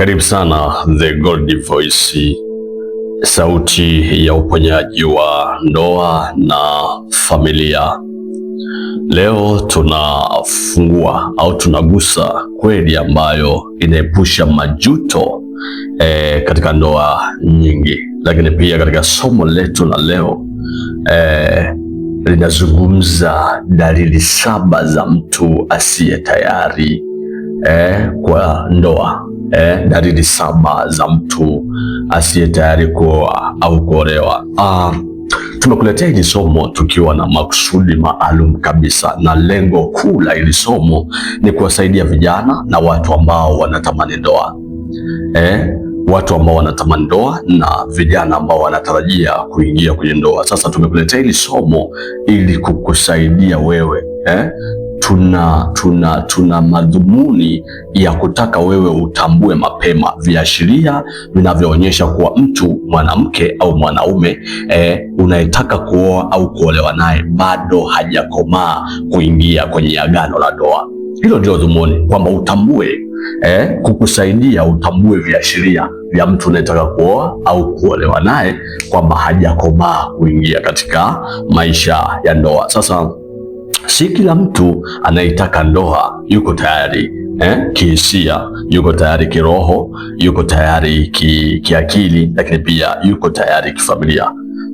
Karibu sana The Gold Voice, sauti ya uponyaji wa ndoa na familia. Leo tunafungua au tunagusa kweli ambayo inaepusha majuto e, katika ndoa nyingi, lakini pia katika somo letu la leo e, linazungumza dalili saba za mtu asiye tayari e, kwa ndoa eh, dalili saba za mtu asiye tayari kuoa au kuolewa. Ah, tumekuletea hili somo tukiwa na makusudi maalum kabisa, na lengo kuu la hili somo ni kuwasaidia vijana na watu ambao wanatamani ndoa eh, watu ambao wanatamani ndoa na vijana ambao wanatarajia kuingia kwenye ndoa. Sasa tumekuletea hili somo ili kukusaidia wewe eh, tuna, tuna, tuna madhumuni ya kutaka wewe utambue mapema viashiria vinavyoonyesha kuwa mtu mwanamke au mwanaume eh, unayetaka kuoa au kuolewa naye bado hajakomaa kuingia kwenye agano la ndoa. Hilo ndio dhumuni kwamba utambue eh, kukusaidia utambue viashiria vya mtu unayetaka kuoa au kuolewa naye kwamba hajakomaa kuingia katika maisha ya ndoa. Sasa Si kila mtu anayetaka ndoa yuko tayari eh, kihisia, yuko tayari kiroho, yuko tayari ki, kiakili, lakini pia yuko tayari kifamilia.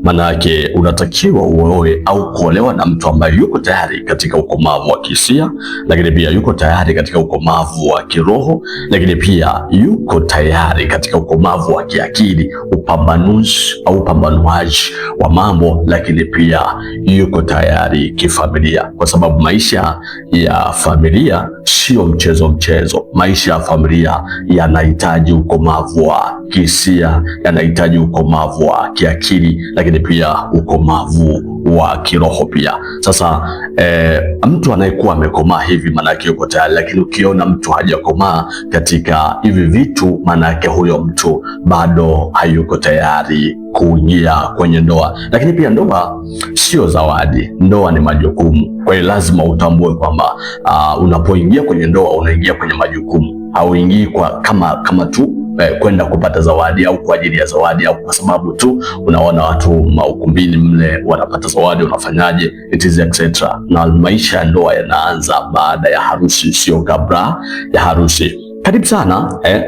Manake unatakiwa uoe au kuolewa na mtu ambaye yuko tayari katika ukomavu wa kihisia, lakini pia yuko tayari katika ukomavu wa kiroho, lakini pia yuko tayari katika ukomavu wa kiakili, upambanuzi au upambanuaji wa mambo, lakini pia yuko tayari kifamilia, kwa sababu maisha ya familia sio mchezo mchezo. Maisha ya familia yanahitaji ukomavu wa kihisia, yanahitaji ukomavu wa kiakili, lakini lakini pia ukomavu wa kiroho pia. Sasa e, mtu anayekuwa amekomaa hivi maanake yuko tayari, lakini ukiona mtu hajakomaa katika hivi vitu, maanake huyo mtu bado hayuko tayari kuingia kwenye ndoa. Lakini pia ndoa sio zawadi, ndoa ni majukumu. Kwa hiyo lazima utambue kwamba ah, unapoingia kwenye ndoa unaingia kwenye majukumu hauingii kwa kama, kama tu eh, kwenda kupata zawadi au kwa ajili ya zawadi au kwa sababu tu unaona watu maukumbini mle wanapata zawadi, unafanyaje, it is etc. Na maisha ya ndoa yanaanza baada ya harusi, sio kabla ya harusi. Karibu sana eh.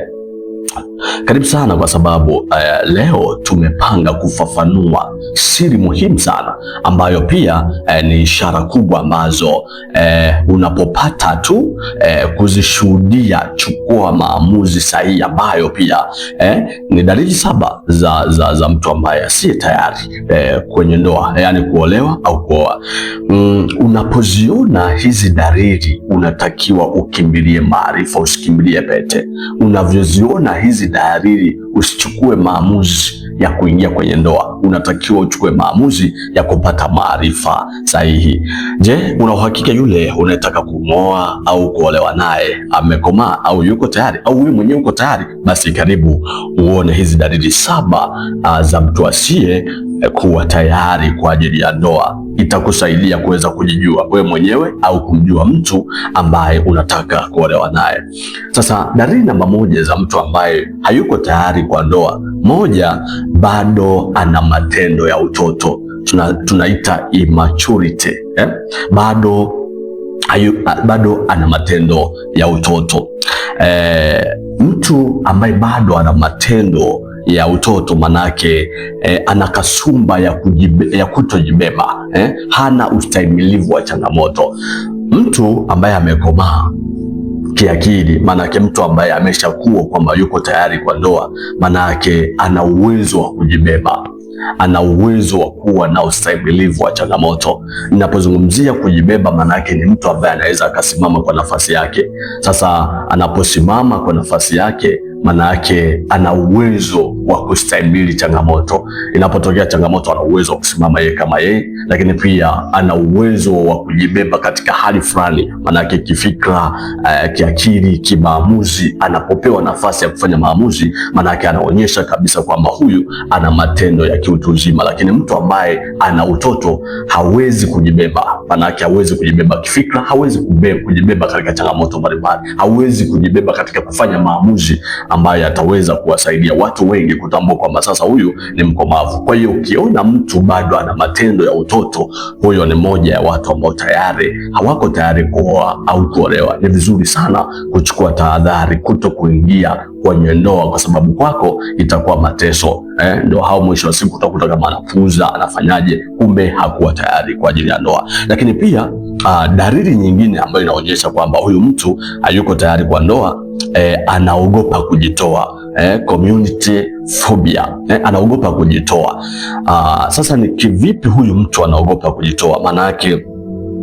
Karibu sana kwa sababu uh, leo tumepanga kufafanua siri muhimu sana ambayo pia uh, ni ishara kubwa ambazo uh, unapopata tu uh, kuzishuhudia, chukua maamuzi sahihi ambayo pia uh, ni dalili saba za, za, za mtu ambaye asiye tayari uh, kwenye ndoa, yaani kuolewa au kuoa. Mm, unapoziona hizi dalili unatakiwa ukimbilie maarifa, usikimbilie pete. Unavyoziona hizi dalili usichukue maamuzi ya kuingia kwenye ndoa unatakiwa uchukue maamuzi ya kupata maarifa sahihi. Je, una uhakika yule unayetaka kumwoa au kuolewa naye amekomaa au yuko tayari au wewe mwenyewe uko tayari? Basi karibu uone hizi dalili saba ah, za mtu asiye eh, kuwa tayari kwa ajili ya ndoa. Itakusaidia kuweza kujijua wewe mwenyewe au kumjua mtu ambaye unataka kuolewa naye. Sasa dalili namba moja za mtu ambaye hayuko tayari kwa ndoa, moja bado ana matendo ya utoto, tunaita immaturity eh? bado, ayu, bado ana matendo ya utoto eh, mtu ambaye bado ana matendo ya utoto manake eh, ana kasumba ya, kujibe, ya kutojibeba eh? hana ustahimilivu wa changamoto. Mtu ambaye amekomaa kiakili, maanake mtu ambaye ameshakuwa kwamba yuko tayari kwa ndoa, maanake ana uwezo wa kujibeba, ana uwezo wa kuwa na ustahimilivu wa changamoto. Ninapozungumzia kujibeba, maanake ni mtu ambaye anaweza akasimama kwa nafasi yake. Sasa anaposimama kwa nafasi yake, maanake ana uwezo wa kustahimili changamoto. Inapotokea changamoto, ana uwezo wa kusimama yeye kama yeye, lakini pia ana uwezo wa kujibeba katika hali fulani, maanake kifikra, uh, kiakili, kimaamuzi. Anapopewa nafasi ya kufanya maamuzi, maanake anaonyesha kabisa kwamba huyu ana matendo ya kiutu uzima. Lakini mtu ambaye ana utoto hawezi kujibeba, maanake hawezi kujibeba kifikra, hawezi kujibeba katika changamoto mbalimbali, hawezi kujibeba katika kufanya maamuzi ambayo yataweza kuwasaidia watu wengi kutambua kwamba sasa huyu ni mkomavu. Kwa hiyo ukiona mtu bado ana matendo ya utoto, huyo ni moja ya watu ambao tayari hawako tayari kuoa au kuolewa. Ni vizuri sana kuchukua tahadhari, kuto kuingia kwenye ndoa kwa sababu kwako itakuwa mateso eh. Ndio hao mwisho wa siku utakuta kama anapuuza, anafanyaje, kumbe hakuwa tayari kwa ajili ya ndoa. Lakini pia a, ah, dalili nyingine ambayo inaonyesha kwamba huyu mtu hayuko tayari kwa ndoa eh, anaogopa kujitoa eh, community phobia eh, anaogopa kujitoa. Aa, ah, sasa ni kivipi huyu mtu anaogopa kujitoa? Maana yake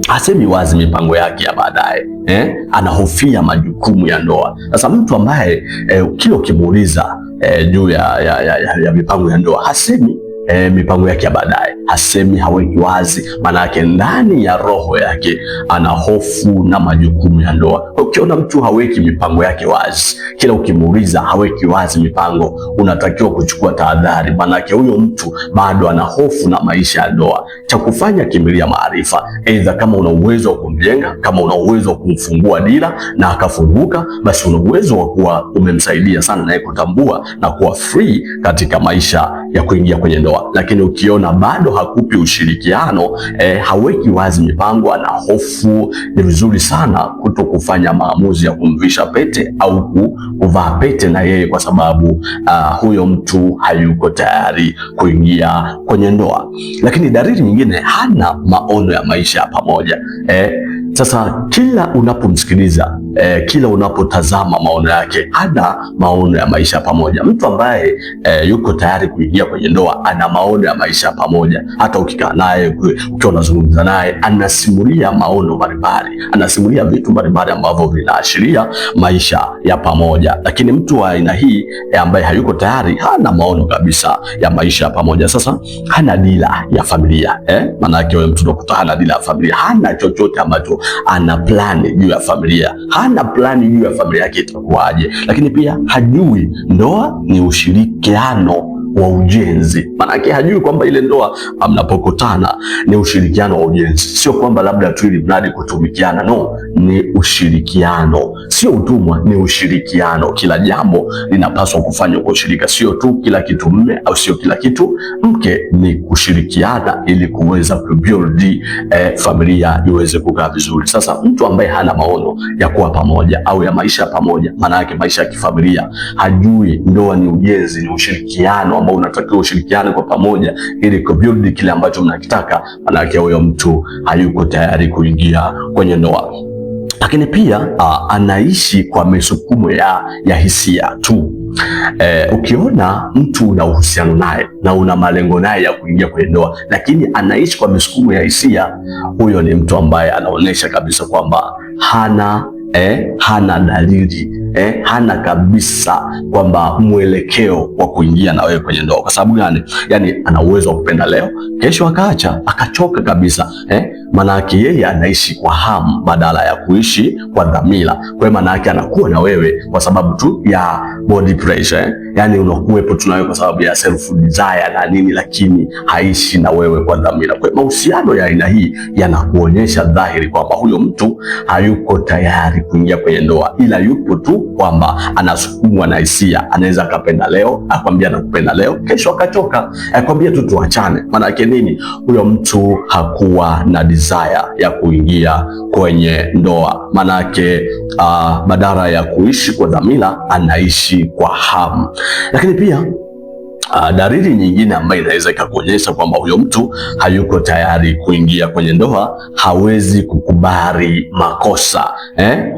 hasemi wazi mipango yake ya baadaye eh, anahofia majukumu ya ndoa. Sasa mtu ambaye eh, kila ukimuuliza eh, juu ya, ya, ya, ya, ya mipango ya ndoa hasemi e, mipango yake ya baadaye. Hasemi, haweki wazi, maana yake ndani ya roho yake ana hofu na majukumu ya ndoa. Ukiona mtu haweki mipango yake wazi, kila ukimuuliza haweki wazi mipango, unatakiwa kuchukua tahadhari, maana yake huyo mtu bado ana hofu na maisha ya ndoa. Cha kufanya, kimbilia maarifa, aidha kama una uwezo wa kumjenga, kama una uwezo wa kumfungua dira na akafunguka, basi una uwezo wa kuwa umemsaidia sana naye kutambua na kuwa free katika maisha ya kuingia kwenye ndoa, lakini ukiona bado hakupi ushirikiano eh, haweki wazi mipango, na hofu, ni vizuri sana kuto kufanya maamuzi ya kumvisha pete au kuvaa pete na yeye, kwa sababu uh, huyo mtu hayuko tayari kuingia kwenye ndoa. Lakini dalili nyingine, hana maono ya maisha ya pamoja eh. Sasa kila unapomsikiliza eh, kila unapotazama maono yake, ana maono ya maisha pamoja. Mtu ambaye eh, yuko tayari kuingia kwenye ndoa ana maono ya maisha pamoja. Hata ukikaa naye, ukiwa unazungumza naye, anasimulia maono mbalimbali, anasimulia vitu mbalimbali ambavyo vinaashiria maisha ya pamoja. Lakini mtu wa aina hii eh, ambaye hayuko tayari, hana maono kabisa ya maisha ya pamoja. Sasa hana dira ya familia eh? Maana yake mtu unakuta hana dira ya familia, hana chochote ambacho ana plani juu ya familia hana hana plani juu ya familia yake itakuwaje, lakini pia hajui ndoa ni ushirikiano wa ujenzi. Maanake hajui kwamba ile ndoa mnapokutana ni ushirikiano wa ujenzi, sio kwamba labda tu ili mradi kutumikiana. No, ni ushirikiano, sio utumwa, ni ushirikiano. Kila jambo linapaswa kufanywa kwa ushirika, sio tu kila kitu mme au sio kila kitu mke, ni kushirikiana ili kuweza kubuild eh, familia iweze kukaa vizuri. Sasa mtu ambaye hana maono ya kuwa pamoja au ya maisha pamoja, maana yake maisha ya kifamilia, hajui ndoa ni ujenzi, ni ushirikiano ambao unatakiwa ushirikiane kwa pamoja ili kubuild kile ambacho mnakitaka, manake huyo mtu hayuko tayari kuingia kwenye ndoa lakini pia uh, anaishi kwa misukumo ya, ya hisia tu. E, ukiona mtu una uhusiano naye na una malengo naye ya kuingia kwenye ndoa, lakini anaishi kwa misukumo ya hisia, huyo ni mtu ambaye anaonyesha kabisa kwamba hana, eh, hana dalili eh, hana kabisa kwamba mwelekeo wa kuingia na wewe kwenye ndoa. Kwa sababu gani? Yani ana uwezo wa kupenda leo, kesho akaacha, akachoka kabisa eh? Maanake yeye anaishi kwa hamu badala ya kuishi kwa dhamira. Kwa hiyo maanake anakuwa na wewe kwa sababu tu ya body pressure eh? Yani unakuwepo tu na wewe kwa sababu ya self desire na nini, lakini haishi na wewe kwa dhamira. Kwa hiyo mahusiano ya aina hii yanakuonyesha dhahiri kwamba huyo mtu hayuko tayari kuingia kwenye ndoa, ila yupo tu kwamba anasukumwa na hisia, anaweza akapenda leo, akwambia nakupenda leo, kesho akachoka, akwambia tu tuachane. Maana yake nini? Huyo mtu hakuwa na desire ya kuingia kwenye ndoa. Maana yake uh, badala ya kuishi kwa dhamira, anaishi kwa hamu. Lakini pia Uh, dalili nyingine ambayo inaweza ikakuonyesha kwamba huyo mtu hayuko tayari kuingia kwenye ndoa, hawezi kukubali makosa eh?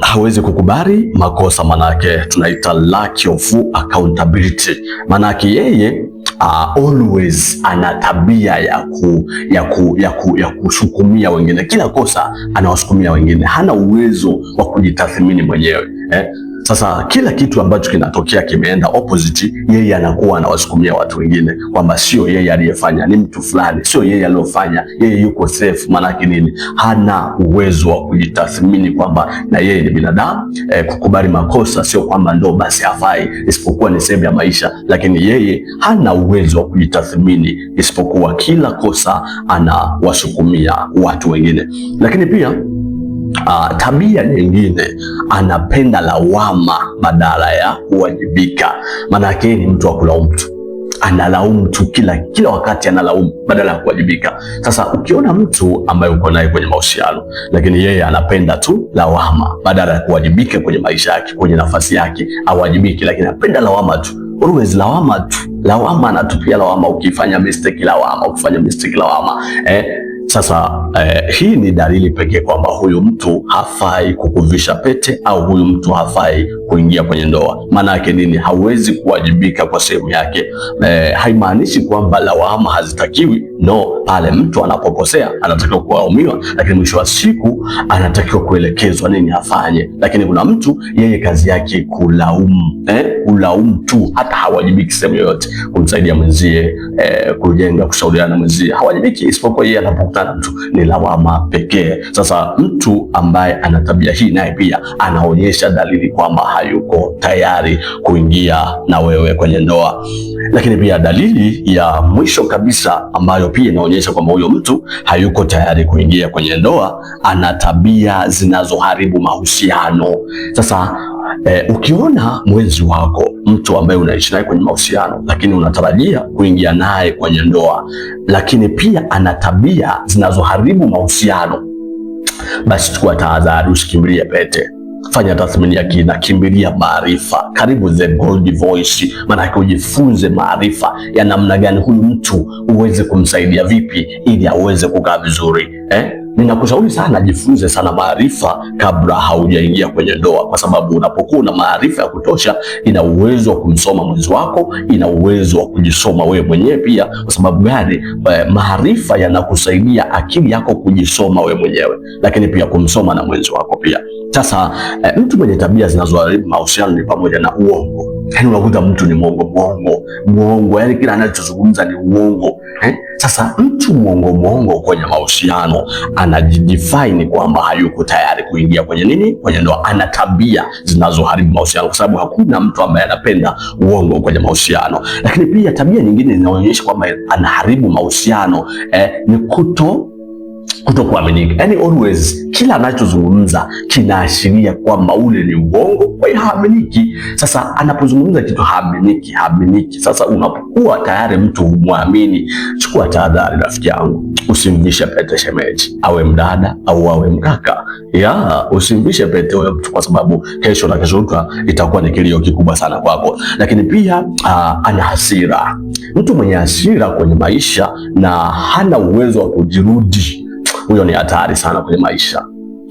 hawezi kukubali makosa, manake tunaita lack of accountability, manake yeye Uh, always ana tabia ya, ku, ya, ku, ya, ku, ya kusukumia wengine. Kila kosa anawasukumia wengine, hana uwezo wa kujitathmini mwenyewe eh? Sasa kila kitu ambacho kinatokea kimeenda opposite, yeye anakuwa anawasukumia watu wengine kwamba sio yeye aliyefanya, ni mtu fulani, sio yeye aliyofanya, yeye yuko safe. Maanake nini? Hana uwezo wa kujitathmini kwamba na yeye ni binadamu e, kukubali makosa sio kwamba ndo basi hafai, isipokuwa ni sehemu ya maisha. Lakini yeye hana uwezo wa kujitathmini, isipokuwa kila kosa anawasukumia watu wengine, lakini pia Uh, tabia nyingine anapenda lawama badala ya kuwajibika. Maanake ni mtu wa kulaumu tu, analaumu tu kila kila wakati analaumu badala ya kuwajibika. Sasa ukiona mtu ambaye uko naye kwenye mahusiano, lakini yeye anapenda tu lawama badala ya kuwajibika kwenye maisha yake, kwenye nafasi yake awajibiki, lakini anapenda lawama tu, always lawama tu, lawama, anatupia lawama, ukifanya mistake lawama, ukifanya mistake lawama, eh sasa eh, hii ni dalili pekee kwamba huyu mtu hafai kukuvisha pete au huyu mtu hafai kuingia kwenye ndoa. Maana yake nini? Hauwezi kuwajibika kwa sehemu yake. E, haimaanishi kwamba lawama hazitakiwi. No, pale mtu anapokosea anatakiwa kulaumiwa, lakini mwisho wa siku anatakiwa kuelekezwa nini afanye. Lakini kuna mtu yeye kazi yake kulaumu, eh, kulaumu tu, hata hawajibiki sehemu yoyote, kumsaidia mwenzie, eh, kujenga, kushauriana mwenzie, hawajibiki isipokuwa yeye anapokutana mtu ni lawama pekee. Sasa mtu ambaye ana tabia hii naye pia anaonyesha dalili kwamba hayuko tayari kuingia na wewe kwenye ndoa. Lakini pia dalili ya mwisho kabisa ambayo pia inaonyesha kwamba huyo mtu hayuko tayari kuingia kwenye ndoa, ana tabia zinazoharibu mahusiano. Sasa e, ukiona mwenzi wako mtu ambaye unaishi naye kwenye mahusiano lakini unatarajia kuingia naye kwenye ndoa, lakini pia ana tabia zinazoharibu mahusiano, basi chukua tahadhari, usikimbilie pete fanya tathmini ya kina, kimbilia maarifa. Karibu The Gold Voice, maanake ujifunze maarifa ya namna gani huyu mtu uweze kumsaidia vipi ili aweze kukaa vizuri eh? ninakushauri sana jifunze sana maarifa kabla haujaingia kwenye ndoa, kwa sababu unapokuwa una maarifa ya kutosha, ina uwezo wa kumsoma mwenzi wako, ina uwezo wa kujisoma wewe mwenyewe pia. Kwa sababu gani? Maarifa yanakusaidia akili yako kujisoma wewe mwenyewe, lakini pia kumsoma na mwenzi wako pia. Sasa eh, mtu mwenye tabia zinazoharibu mahusiano ni pamoja na uongo Yani unakuta mtu ni mwongo mwongo mwongo, yani kila anachozungumza ni uongo eh? Sasa mtu mwongo mwongo kwenye mahusiano anajidefine kwamba hayuko tayari kuingia kwenye nini, kwenye ndoa. Ana tabia zinazoharibu mahusiano, kwa sababu hakuna mtu ambaye anapenda uongo kwenye mahusiano. Lakini pia tabia nyingine inaonyesha kwamba anaharibu mahusiano eh, ni kuto kutokuaminika. Yani always kila anachozungumza kinaashiria kwamba ule ni uongo, kwa hiyo haaminiki. Sasa anapozungumza kitu haaminiki, haaminiki. Sasa unapokuwa tayari mtu humwamini, chukua tahadhari rafiki yangu, usimvishe pete shemeji, awe mdada au awe mkaka ya usimvishe pete huyo mtu, kwa sababu kesho na kesho kutwa itakuwa ni kilio kikubwa sana kwako. Lakini pia uh, ana hasira. Mtu mwenye hasira kwenye maisha na hana uwezo wa kujirudi huyo ni hatari sana kwenye maisha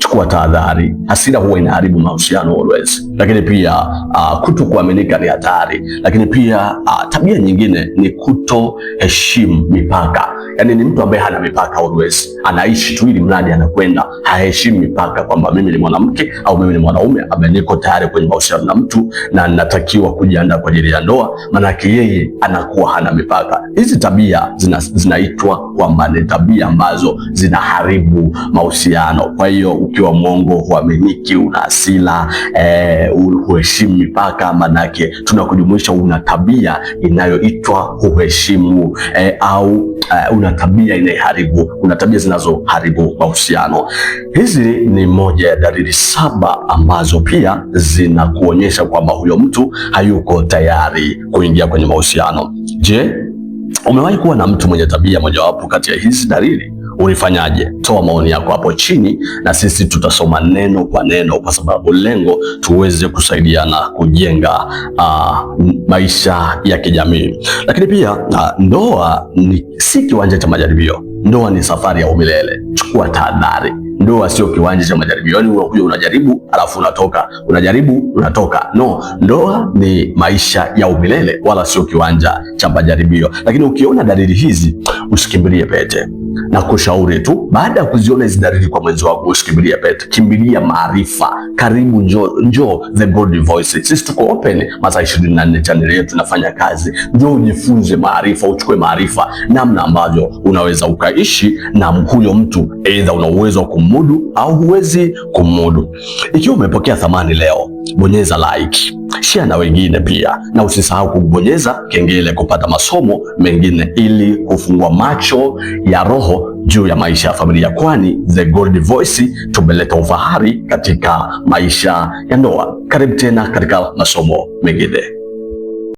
chukua tahadhari. Hasira huwa inaharibu mahusiano always, lakini pia uh, kutokuaminika ni hatari, lakini pia uh, tabia nyingine ni kuto heshimu mipaka. Yani ni mtu ambaye hana mipaka always, anaishi tu ili mradi anakwenda, haheshimu mipaka kwamba mimi ni mwanamke au mimi ni mwanaume ambaye niko tayari kwenye mahusiano na mtu na natakiwa kujiandaa kwa ajili ya ndoa, maanake yeye anakuwa hana mipaka. Hizi tabia zinaitwa zina kwamba ni tabia ambazo zinaharibu mahusiano, kwa hiyo ukiwa mwongo, huaminiki, una hasira eh, huheshimu mipaka, manake tunakujumuisha una tabia inayoitwa huheshimu eh, au eh, una tabia inayoharibu, una tabia zinazoharibu mahusiano. Hizi ni moja ya dalili saba ambazo pia zinakuonyesha kwamba huyo mtu hayuko tayari kuingia kwenye mahusiano. Je, umewahi kuwa na mtu mwenye tabia mojawapo kati ya hizi dalili? ulifanyaje? Toa maoni yako hapo chini, na sisi tutasoma neno kwa neno, kwa sababu lengo tuweze kusaidiana kujenga uh, maisha ya kijamii. Lakini pia uh, ndoa ni si kiwanja cha majaribio. Ndoa ni safari ya umilele. Chukua tahadhari. Ndoa sio kiwanja cha majaribio, yaani unakuja unajaribu alafu unatoka, unajaribu, unatoka. No, ndoa ni maisha ya umilele, wala sio kiwanja cha majaribio. Lakini ukiona dalili hizi usikimbilie pete na kushauri tu, baada ya kuziona hizi dalili kwa mwenzi wako, usikimbilie pete, kimbilia maarifa. Karibu, njo, njo The Bold Voice. Sisi tuko open masaa 24, channel yetu tunafanya kazi. Njoo ujifunze maarifa, uchukue maarifa, namna ambavyo unaweza ukaishi na huyo mtu, aidha una uwezo wa kumudu au huwezi kumudu. Ikiwa umepokea thamani leo, bonyeza like, share na wengine pia, na usisahau kubonyeza kengele kupata masomo mengine ili kufungua macho ya roho juu ya maisha ya familia, kwani The Gold Voice tumeleta ufahari katika maisha ya ndoa. Karibu tena katika masomo mengine.